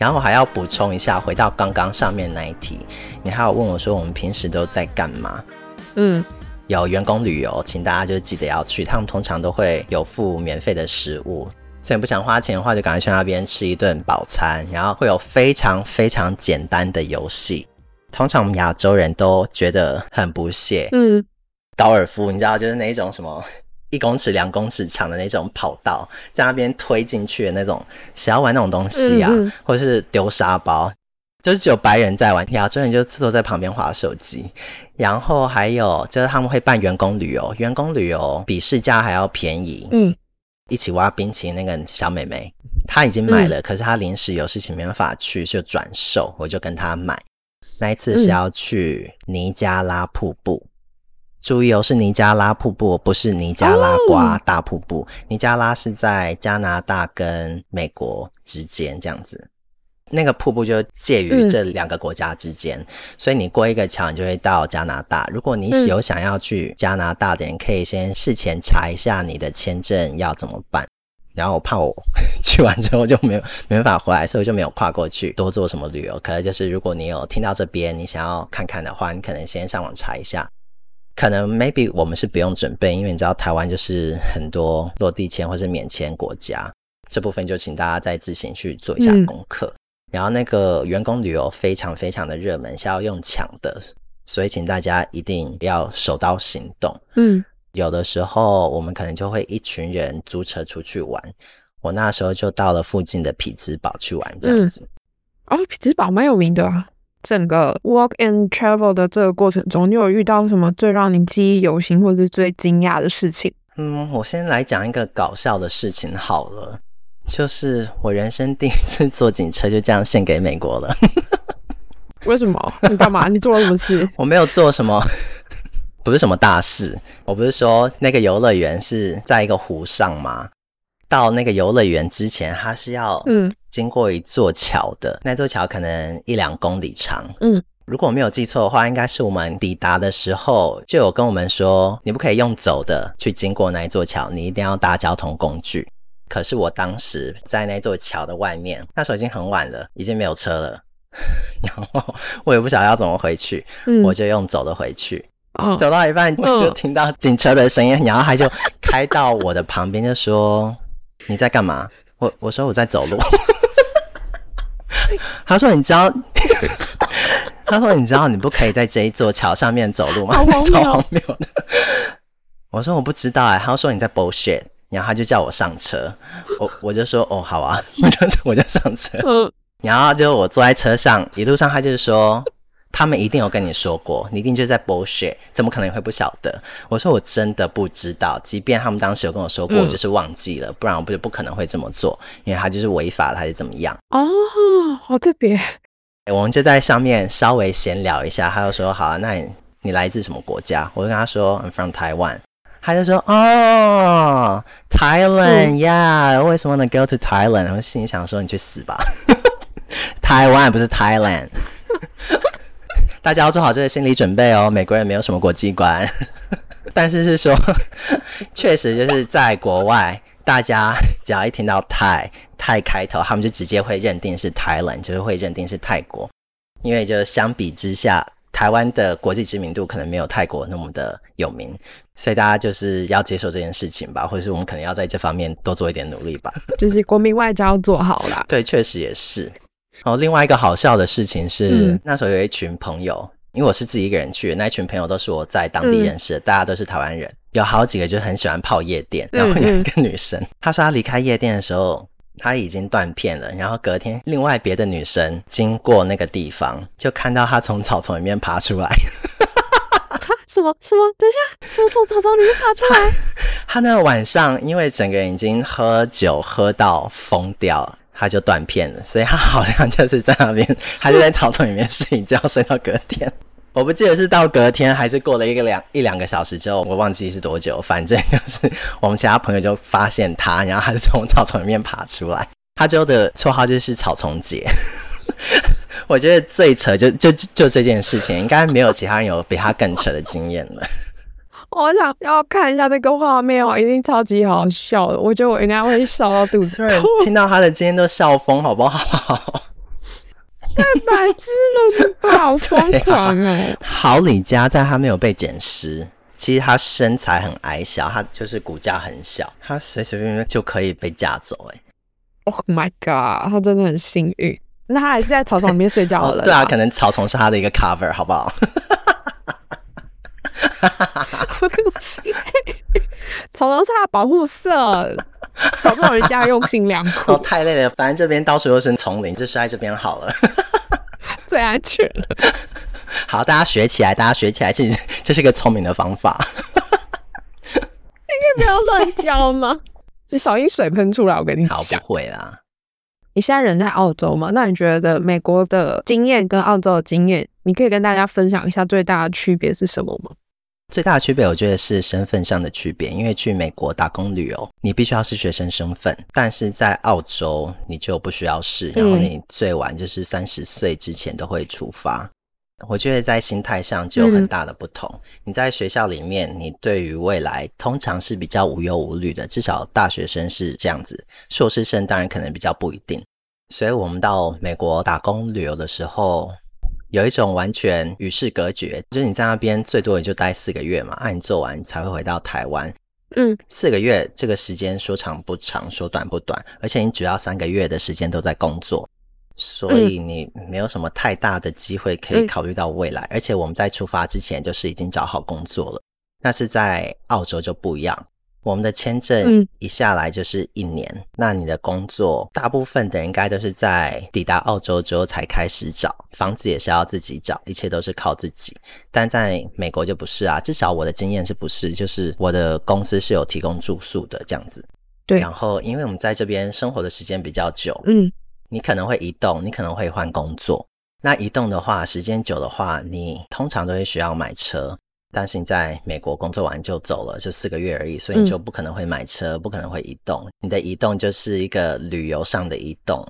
然後還要補充一下，回到剛剛上面那一題，你還有問我說我們平時都在幹嘛？嗯，有員工旅遊，請大家就記得要去，他們通常都會有附免費的食物，所以不想花錢的話，就趕快去那邊吃一頓飽餐，然後會有非常非常簡單的遊戲，通常我們亞洲人都覺得很不屑。嗯，高爾夫，你知道就是那一種什麼？一公尺、兩公尺長的那種跑道，在那邊推進去的那種，想要玩那種東西啊，嗯嗯、或者是丟沙包，就是只有白人在玩，亞洲人就坐在旁邊滑手機。然後還有就是他們會辦員工旅遊，員工旅遊比市價還要便宜。嗯，一起挖冰淇淋那個小妹妹，她已經買了，嗯、可是她臨時有事情沒辦法去，就轉售，我就跟她買。那一次是要去尼加拉瀑布。嗯注意哦，是尼加拉瀑布，不是尼加拉瓜大瀑布。Oh. 尼加拉是在加拿大跟美國之間，這樣子，那個瀑布就介於這兩個國家之間。嗯。所以你過一個橋，你就會到加拿大。如果你有想要去加拿大的人，可以先事前查一下你的簽證要怎麼辦。然後我怕我 去完之後就沒有沒辦法回來，所以我就沒有跨過去多做什麼旅遊。可能就是如果你有聽到這邊，你想要看看的話，你可能先上網查一下。可能 maybe 我們是不用準備，因為你知道台灣就是很多落地簽或是免簽國家，這部分就請大家再自行去做一下功課。嗯、然後那個員工旅遊非常非常的熱門，是要用搶的，所以請大家一定要手刀行動。嗯，有的時候我們可能就會一群人租車出去玩，我那時候就到了附近的匹茲堡去玩，這樣子、嗯。哦，匹茲堡蠻有名的啊。整個 work and travel 的這個過程中，你有遇到什麼最讓你記憶猶新，或者是最驚訝的事情？嗯，我先來講一個搞笑的事情好了，就是我人生第一次坐警車就這樣獻給美國了。 為什麼？你幹嘛？你做了什麼事？ 我沒有做什麼，不是什麼大事。我不是說那個遊樂園是在一個湖上嗎？到那個遊樂園之前，它是要嗯經過一座橋的、嗯，那座橋可能一兩公里長，嗯，如果我沒有記錯的話，應該是我們抵達的時候就有跟我們說，你不可以用走的去經過那一座橋，你一定要搭交通工具。可是我當時在那座橋的外面，那時候已經很晚了，已經沒有車了， 然後我也不曉得要怎麼回去，嗯、我就用走的回去，哦、走到一半我就聽到警車的聲音，哦、然後他就開到我的旁邊就說。 你在幹嘛？我我說我在走路。 他說你知道， 他說你知道你不可以在這一座橋上面走路嗎？的 我說我不知道欸，他說你在 bullshit，然後他就叫我上車。我我就說哦好啊，我 就我就上車。然後就我坐在車上，一路上他就說。他們一定有跟你說過，你一定就是在 bullshit，怎麼可能會不曉得？我說我真的不知道，即便他們當時有跟我說過，我就是忘記了，嗯、不然我不就不可能會這麼做，因為他就是違法了，還是怎麼樣？哦，好特別、欸。我們就在上面稍微閒聊一下，他就說：“好、啊，那你你來自什麼國家？”我就跟他說：“I'm from Taiwan。”他就說：“哦、oh,，Thailand 呀，為什麼能 go to Thailand？” 我心裡想說：“你去死吧！” 台灣不是 Thailand。 大家要做好這個心理準備哦，美國人沒有什麼國際觀， 但是是說，確實就是在國外，大家只要一聽到泰，泰開頭，他們就直接會認定是 Thailand，就是會認定是泰國，因為就是相比之下，台灣的國際知名度可能沒有泰國那麼的有名，所以大家就是要接受這件事情吧，或者是我們可能要在這方面多做一點努力吧，就是國民外交做好了，對，確實也是。然、哦、後另外一個好笑的事情是、嗯，那時候有一群朋友，因為我是自己一個人去的，那一群朋友都是我在當地認識的、嗯，大家都是台灣人，有好幾個就很喜歡泡夜店。然後有一個女生，嗯嗯她說她離開夜店的時候，她已經斷片了。然後隔天，另外別的女生經過那個地方，就看到她從草叢裡面爬出來。哈， 什麼什麼？等一下，什麼從草叢裡面爬出來？她，她那個晚上因為整個人已經喝酒喝到瘋掉了。他就斷片了，所以他好像就是在那邊，他就在草叢裡面睡覺，睡到隔天。我不記得是到隔天還是過了一個兩一兩個小時之後，我忘記是多久。反正就是我們其他朋友就發現他，然後他就從草叢裡面爬出來。他最後的綽號就是“草叢姐”。我覺得最扯就就就這件事情，應該沒有其他人有比他更扯的經驗了。我想要看一下那個畫面哦，一定超級好笑的。我覺得我應該會笑到肚子痛。 聽到他的今天都笑瘋，好不好？三百隻鹿，好瘋狂哎、啊！好里佳在他沒有被撿屍，其實他身材很矮小，他就是骨架很小，他隨隨便便就可以被架走哎、欸。Oh my god，他真的很幸運。那他還是在草叢裡面睡覺好了？ oh, 對啊，可能草叢是他的一個 cover，好不好？ 哈哈哈哈哈！我那個叢林是它保護色，搞不好人家用心良苦、哦。太累了，反正這邊到處都是叢林，就摔這邊好了， 最安全了。好，大家學起來，大家學起來，這這是個聰明的方法。 你可以不要亂教嗎？ 你少一水噴出來，我跟你講好不會啦。你現在人在澳洲嗎？那你覺得美國的經驗跟澳洲的經驗，你可以跟大家分享一下最大的區別是什麼嗎？最大的區別，我覺得是身份上的區別。因為去美國打工旅遊，你必須要是學生身份，但是在澳洲你就不需要是、嗯。然後你最晚就是三十歲之前都會出發。我覺得在心態上就有很大的不同。嗯、你在學校裡面，你對於未來通常是比較無憂無慮的，至少大學生是這樣子。碩士生當然可能比較不一定。所以，我們到美國打工旅遊的時候。有一種完全與世隔絕，就是你在那邊最多也就待四個月嘛，按、啊、你做完你才會回到台灣。嗯，四個月這個時間說長不長，說短不短，而且你主要三個月的時間都在工作，所以你沒有什麼太大的機會可以考慮到未來、嗯。而且我們在出發之前就是已經找好工作了，但是在澳洲就不一樣。我們的簽證一下來就是一年，嗯，那你的工作大部分的人應該都是在抵達澳洲之後才開始找房子，也是要自己找，一切都是靠自己。但在美國就不是啊，至少我的經驗是不是，就是我的公司是有提供住宿的這樣子。對，然後因為我們在這邊生活的時間比較久，嗯，你可能會移動，你可能會換工作。那移動的話，時間久的話，你通常都會需要買車。擔心在美國工作完就走了，就四個月而已，所以你就不可能會買車，嗯、不可能會移動。你的移動就是一個旅遊上的移動。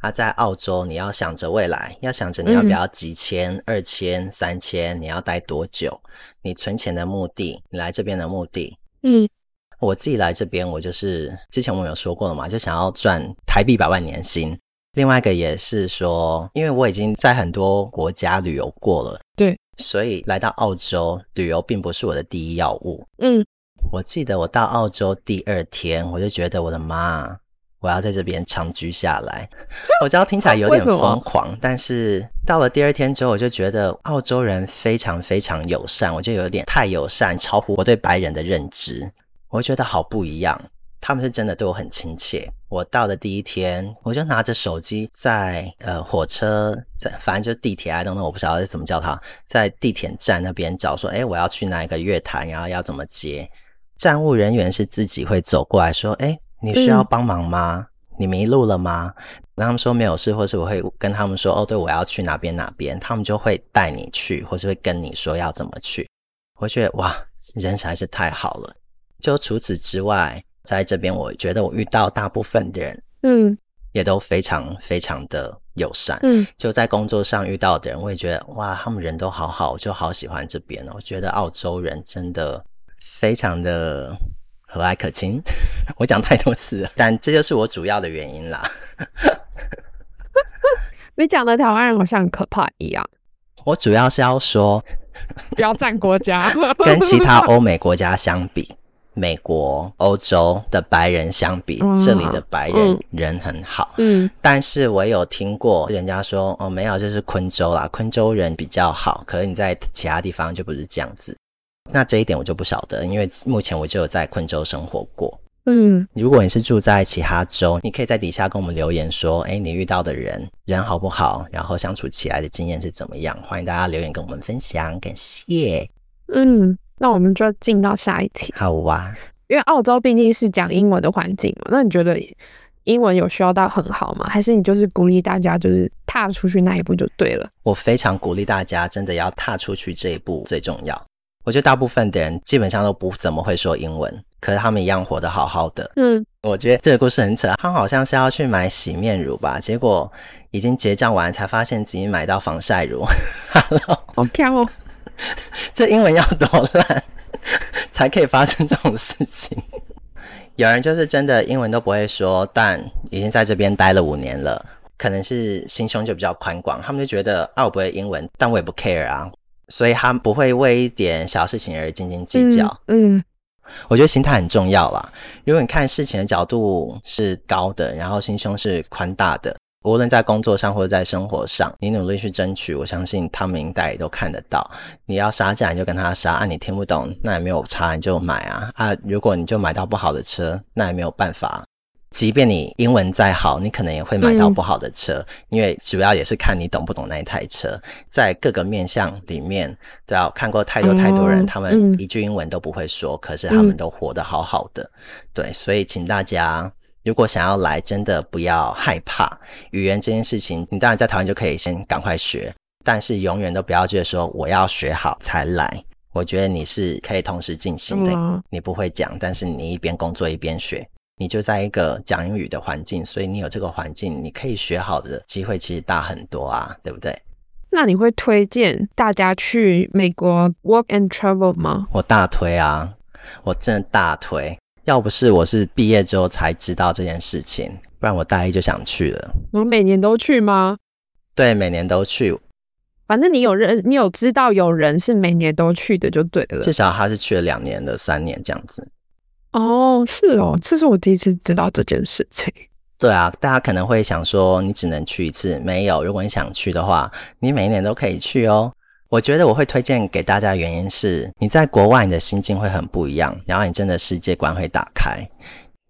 啊，在澳洲你要想着未來，要想着你要不要幾千、嗯、二千、三千，你要待多久？你存錢的目的，你來這邊的目的。嗯，我自己來這邊，我就是之前我們有說過了嘛，就想要賺台幣百萬年薪。另外一個也是說，因為我已經在很多國家旅遊過了，對。所以來到澳洲旅遊，並不是我的第一要務。嗯，我記得我到澳洲第二天，我就覺得我的媽，我要在這邊長居下來。我知道聽起來有點瘋狂，啊，但是到了第二天之後，我就覺得澳洲人非常非常友善，我就有點太友善，超乎我對白人的認知，我覺得好不一樣。他們是真的對我很親切。我到的第一天，我就拿着手機在呃火車在，反正就地鐵啊等等，know, 我不曉得怎麼叫它，在地鐵站那邊找說，哎、欸，我要去哪一個月台，然後要怎麼接。站務人員是自己會走過來說，哎、欸，你需要幫忙嗎？你迷路了嗎？我跟他們說沒有事，或是我會跟他們說，哦，對，我要去哪邊哪邊，他們就會帶你去，或是會跟你說要怎麼去。我覺得哇，人實在是太好了。就除此之外。在這邊，我覺得我遇到大部分的人，嗯，也都非常非常的友善，嗯，就在工作上遇到的人，我也覺得哇，他們人都好好，我就好喜歡這邊。我覺得澳洲人真的非常的和藹可親。我講太多次了，但這就是我主要的原因啦。你講的台灣人好像可怕一樣。我主要是要說，不要戰國家，跟其他歐美國家相比。美國、歐洲的白人相比，嗯、這裡的白人、嗯、人很好。嗯，但是我有聽過人家說，哦，沒有，就是昆州啦，昆州人比較好。可是你在其他地方就不是這樣子。那這一點我就不曉得，因為目前我就有在昆州生活過。嗯，如果你是住在其他州，你可以在底下跟我們留言說，誒，你遇到的人人好不好？然後相處起來的經驗是怎麼樣？歡迎大家留言跟我們分享，感謝。嗯。那我們就進到下一題，好哇、啊。因為澳洲畢竟是講英文的環境嘛。那你覺得英文有需要到很好嗎？還是你就是鼓勵大家就是踏出去那一步就對了？我非常鼓勵大家，真的要踏出去這一步最重要。我覺得大部分的人基本上都不怎麼會說英文，可是他們一樣活得好好的。嗯，我覺得這個故事很扯。他好像是要去買洗面乳吧？結果已經結賬完才發現自己買到防曬乳。哈 嘍，好漂亮哦！ 這英文要多爛 才可以發生這種事情？ 有人就是真的英文都不會說，但已經在這邊待了五年了，可能是心胸就比較寬廣，他們就覺得啊，我不會英文，但我也不 care 啊，所以他們不會為一點小事情而斤斤計較。嗯，嗯，我覺得心態很重要啦。如果你看事情的角度是高的，然後心胸是寬大的，無論在工作上或者在生活上，你努力去爭取，我相信他們應該也都看得到。你要殺價，你就跟他殺啊！你聽不懂，那也沒有差，你就買啊！啊，如果你就買到不好的車，那也沒有辦法。即便你英文再好，你可能也會買到不好的車，嗯、因為主要也是看你懂不懂那台車。在各個面向裡面，對啊，我看過太多太多人，嗯，他們一句英文都不會說，可是他們都活得好好的。嗯、對，所以請大家。如果想要來，真的不要害怕語言這件事情。你當然在台灣就可以先趕快學，但是永遠都不要覺得說我要學好才來。我覺得你是可以同時進行的。嗯啊。你不會講，但是你一邊工作一邊學，你就在一個講英語的環境，所以你有這個環境，你可以學好的機會其實大很多啊，對不對？那你會推薦大家去美國 work and travel 嗎？我大推啊，我真的大推。要不是我是畢業之後才知道這件事情，不然我大一就想去了。我、哦，每年都去嗎？對，每年都去。反正你有人，你有知道有人是每年都去的就對了。至少他是去了兩年的三年這樣子。哦，是哦，這是我第一次知道這件事情。對啊，大家可能會想說你只能去一次，沒有。如果你想去的話，你每一年都可以去哦。我覺得我會推薦給大家的原因是，你在國外，你的心境會很不一樣，然後你真的世界觀會打開。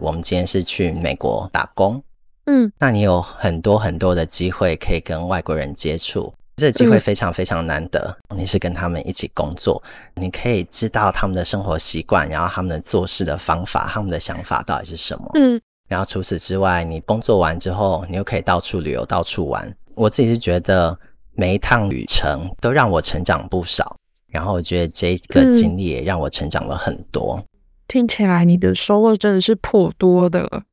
我們今天是去美國打工，嗯，那你有很多很多的機會可以跟外國人接觸，這個機會非常非常難得，嗯。你是跟他們一起工作，你可以知道他們的生活習慣，然後他們的做事的方法，他們的想法到底是什麼。嗯，然後除此之外，你工作完之後，你又可以到處旅遊，到處玩。我自己是覺得。每一趟旅程都讓我成長不少，然後我覺得這個經歷也讓我成長了很多。嗯、聽起來你的收穫真的是頗多的。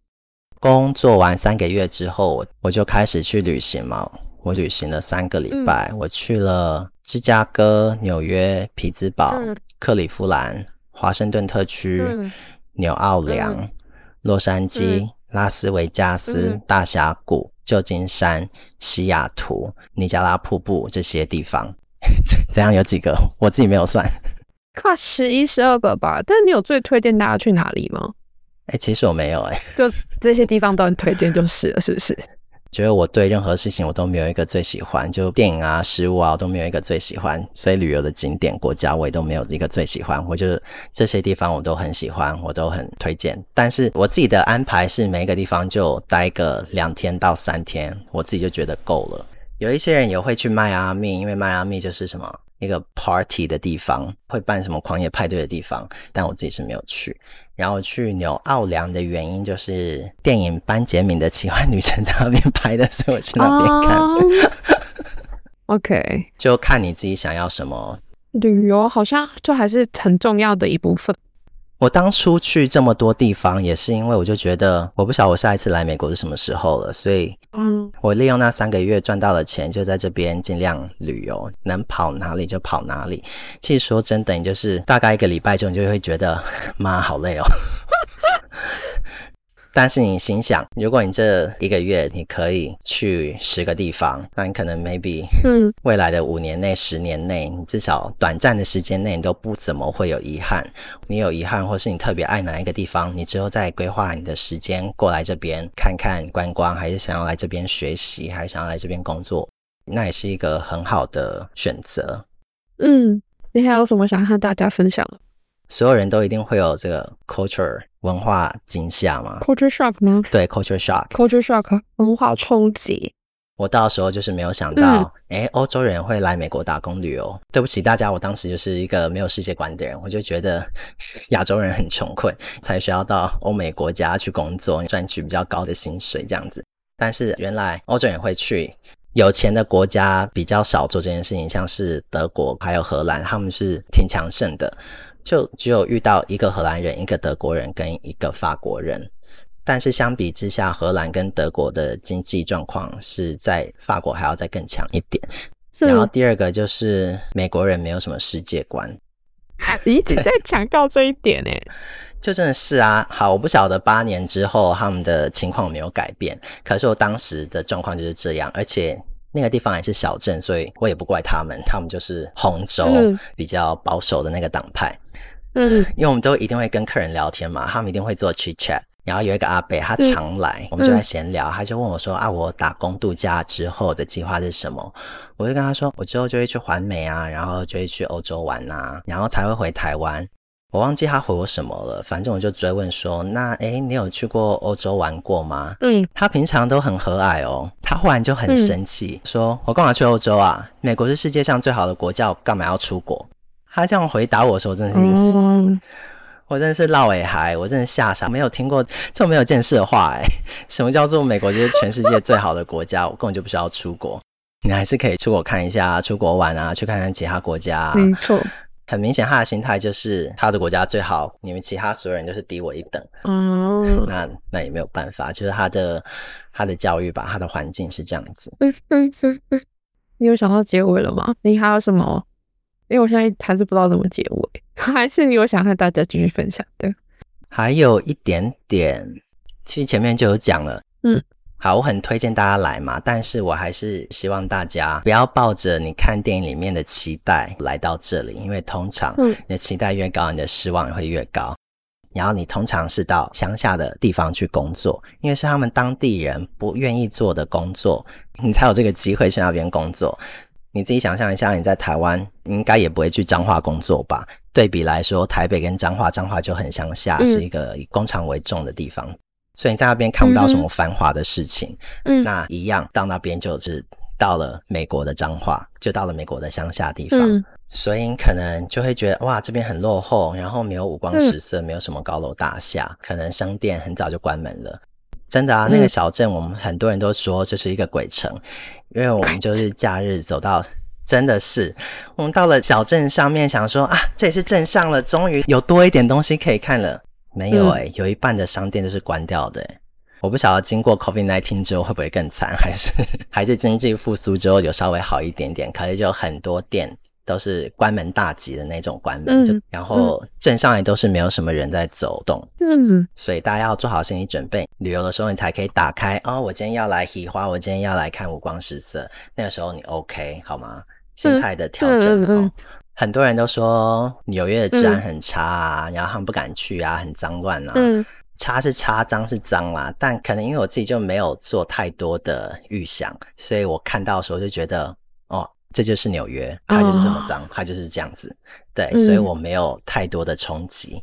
工作完三個月之後，我，我就開始去旅行嘛。我旅行了三個禮拜，嗯，我去了芝加哥、紐約、匹茲堡、嗯、克利夫蘭、華盛頓特區、嗯、紐奧良、嗯嗯、洛杉磯、嗯、拉斯維加斯、嗯、大峽谷、舊金山、西雅圖、尼加拉瀑布這些地方，這 樣？有幾個？我自己沒有算，跨十一、十二個吧。但你有最推薦大家去哪裡嗎？哎、欸，其實我沒有、欸，哎，就這些地方都很推薦，就是了，是不是？ 我覺得我對任何事情我都沒有一個最喜歡，就電影啊、食物啊我都沒有一個最喜歡，所以旅遊的景點、國家我也都沒有一個最喜歡。我就這些地方我都很喜歡，我都很推薦。但是我自己的安排是每一個地方就待個兩天到三天，我自己就覺得夠了。有一些人也會去邁阿密，因為邁阿密就是什麼一個 party 的地方，會辦什麼狂野派對的地方，但我自己是沒有去。然後去紐奧良的原因就是電影《班傑明的奇幻旅程》在那邊拍的，所以我去那邊看。Uh,OK， 就看你自己想要什麼。旅游好像就還是很重要的一部分。我當初去這麼多地方，也是因為我就覺得我不曉得我下一次來美國是什麼時候了，所以。嗯，我利用那三個月賺到的錢，就在這邊盡量旅遊，能跑哪裡就跑哪裡。其實說真的，等於就是大概一個禮拜之後，你就會覺得媽好累哦。 但是你心想，如果你這一個月你可以去十個地方，那你可能 maybe 未來的五年內、嗯、十年內，你至少短暫的時間內你都不怎麼會有遺憾。你有遺憾，或是你特別愛哪一個地方，你之後再規劃你的時間過來這邊看看觀光，還是想要來這邊學習，還是想要來這邊工作，那也是一個很好的選擇。嗯，你還有什麼想和大家分享的？所有人都一定會有這個 culture。文化驚嚇嘛？Culture shock 嗎？對，culture shock，culture shock，文化衝擊。我到時候就是沒有想到，哎、嗯，歐洲人會來美國打工旅遊。對不起大家，我當時就是一個沒有世界觀的人，我就覺得 亞洲人很窮困，才需要到，到歐美國家去工作，賺取比較高的薪水這樣子。但是原來歐洲人會去有錢的國家，比較少做這件事情，像是德國還有荷蘭，他們是挺強盛的。就只有遇到一個荷蘭人、一個德國人跟一個法國人，但是相比之下，荷蘭跟德國的經濟狀況是在法國還要再更強一點。然後第二個就是美國人沒有什麼世界觀，一直在強調這一點呢？就真的是啊。好，我不曉得八年之後他們的情況有沒有改變，可是我當時的狀況就是這樣，而且那個地方還是小鎮，所以我也不怪他們，他們就是紅州比較保守的那個黨派。嗯，因為我們都一定會跟客人聊天嘛，他們一定會做 chitchat。然後有一個阿伯，他常來、嗯，我們就在閒聊、嗯，他就問我說：“啊，我打工度假之後的計劃是什麼？”我就跟他說：“我之後就會去環美啊，然後就會去歐洲玩吶、啊，然後才會回台灣。”我忘記他回我什麼了，反正我就追問說：“那誒，你有去過歐洲玩過嗎？”嗯，他平常都很和藹哦，他忽然就很生氣、嗯、說：“我幹嘛去歐洲啊？美國是世界上最好的國家，我幹嘛要出國？”他這樣回答我說：“真的是、um,，我真的是落尾海，我真的嚇傻，沒有聽過，就沒有見識的話哎、欸，什麼叫做美國就是全世界最好的國家？ 我根本就不需要出國，你還是可以出國看一下，出國玩啊，去看看其他國家、啊，沒錯。很明顯，他的心態就是他的國家最好，你們其他所有人都是低我一等。嗯、um,，那那也沒有辦法，就是他的他的教育吧，他的環境是這樣子。嗯 你有想到結尾了嗎？你還有什麼？”因為我現在還是不知道怎麼結尾，還是你有想和大家繼續分享的？對。還有一點點，其實前面就有講了。嗯，好，我很推薦大家來嘛，但是我還是希望大家不要抱着你看電影裡面的期待來到這裡，因為通常，嗯，你的期待越高，嗯，你的失望也會越高。然後你通常是到鄉下的地方去工作，因為是他們當地人不願意做的工作，你才有這個機會去那邊工作。你自己想象一下，你在台灣應該也不會去彰化工作吧？對比來說，台北跟彰化，彰化就很鄉下、嗯，是一個以工廠為重的地方，所以你在那邊看不到什麼繁華的事情嗯。嗯，那一樣到那邊就是到了美國的彰化，就到了美國的鄉下的地方、嗯，所以你可能就會覺得哇，這邊很落後，然後沒有五光十色，嗯、沒有什麼高樓大廈，可能商店很早就關門了。真的啊，那個小鎮，我們很多人都說這是一個鬼城、嗯，因為我們就是假日走到，真的是我們到了小鎮上面，想說啊，這也是鎮上了，終於有多一點東西可以看了。嗯、沒有誒、欸，有一半的商店都是關掉的、欸。我不曉得經過 COVID-19 之後會不會更慘，還是還是經濟復甦之後有稍微好一點點，可是就很多店。都是關門大吉的那種關門，就、嗯、然後鎮上也都是沒有什麼人在走動，嗯，所以大家要做好心理準備，旅遊的時候你才可以打開啊、哦！我今天要來奇花，我今天要來看五光十色，那個時候你 OK 好嗎？心態的調整、哦嗯嗯，很多人都說紐約的治安很差啊，然後他們不敢去啊，很髒亂啊，嗯，差是差，髒是髒啦，但可能因為我自己就沒有做太多的預想，所以我看到的時候就覺得。這就是紐約，它就是這麼髒，Oh. 它就是這樣子。對，所以我沒有太多的衝擊。嗯，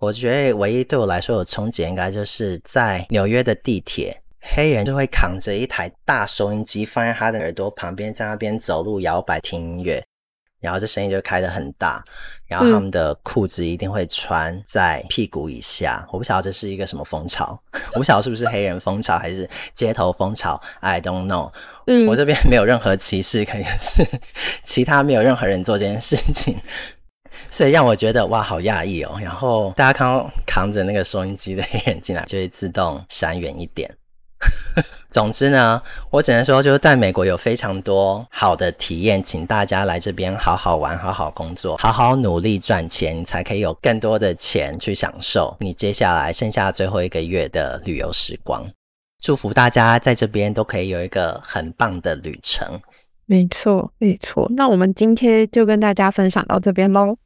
我覺得唯一對我來說有衝擊，應該就是在紐約的地鐵，黑人就會扛着一台大收音機放在他的耳朵旁邊，在那邊走路搖擺聽音樂。然後這聲音就開得很大，然後他們的褲子一定會穿在屁股以下。嗯、我不曉得這是一個什麼風潮， 我不曉得是不是黑人風潮還是街頭風潮，I don't know。嗯，我這邊沒有任何歧視，肯定是其他沒有任何人做這件事情，所以讓我覺得哇，好訝異哦。然後大家看到扛着那個收音機的黑人進來，就會自動閃遠一點。 總之呢，我只能說就是在美國有非常多好的體驗，請大家來這邊好好玩、好好工作、好好努力賺錢，才可以有更多的錢去享受你接下來剩下最後一個月的旅遊時光。祝福大家在這邊都可以有一個很棒的旅程。沒錯，沒錯。那我們今天就跟大家分享到這邊嘍。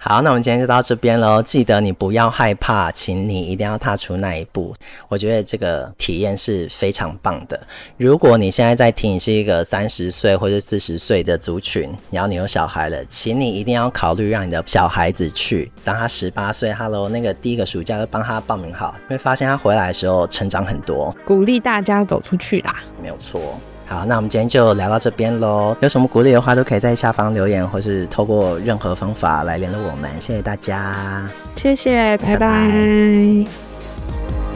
好，那我們今天就到這邊嘍。記得你不要害怕，請你一定要踏出那一步。我覺得這個體驗是非常棒的。如果你現在在聽，你是一個三十歲或者四十歲的族群，然後你有小孩了，請你一定要考慮讓你的小孩子去，當他十八歲，哈嘍，那個第一個暑假就幫他報名好，會發現他回來的時候成長很多。鼓勵大家走出去啦，沒有錯。好，那我們今天就聊到這邊嘍。有什麼鼓勵的話，都可以在下方留言，或是透過任何方法來聯絡我們。謝謝大家，謝謝，拜拜。拜拜。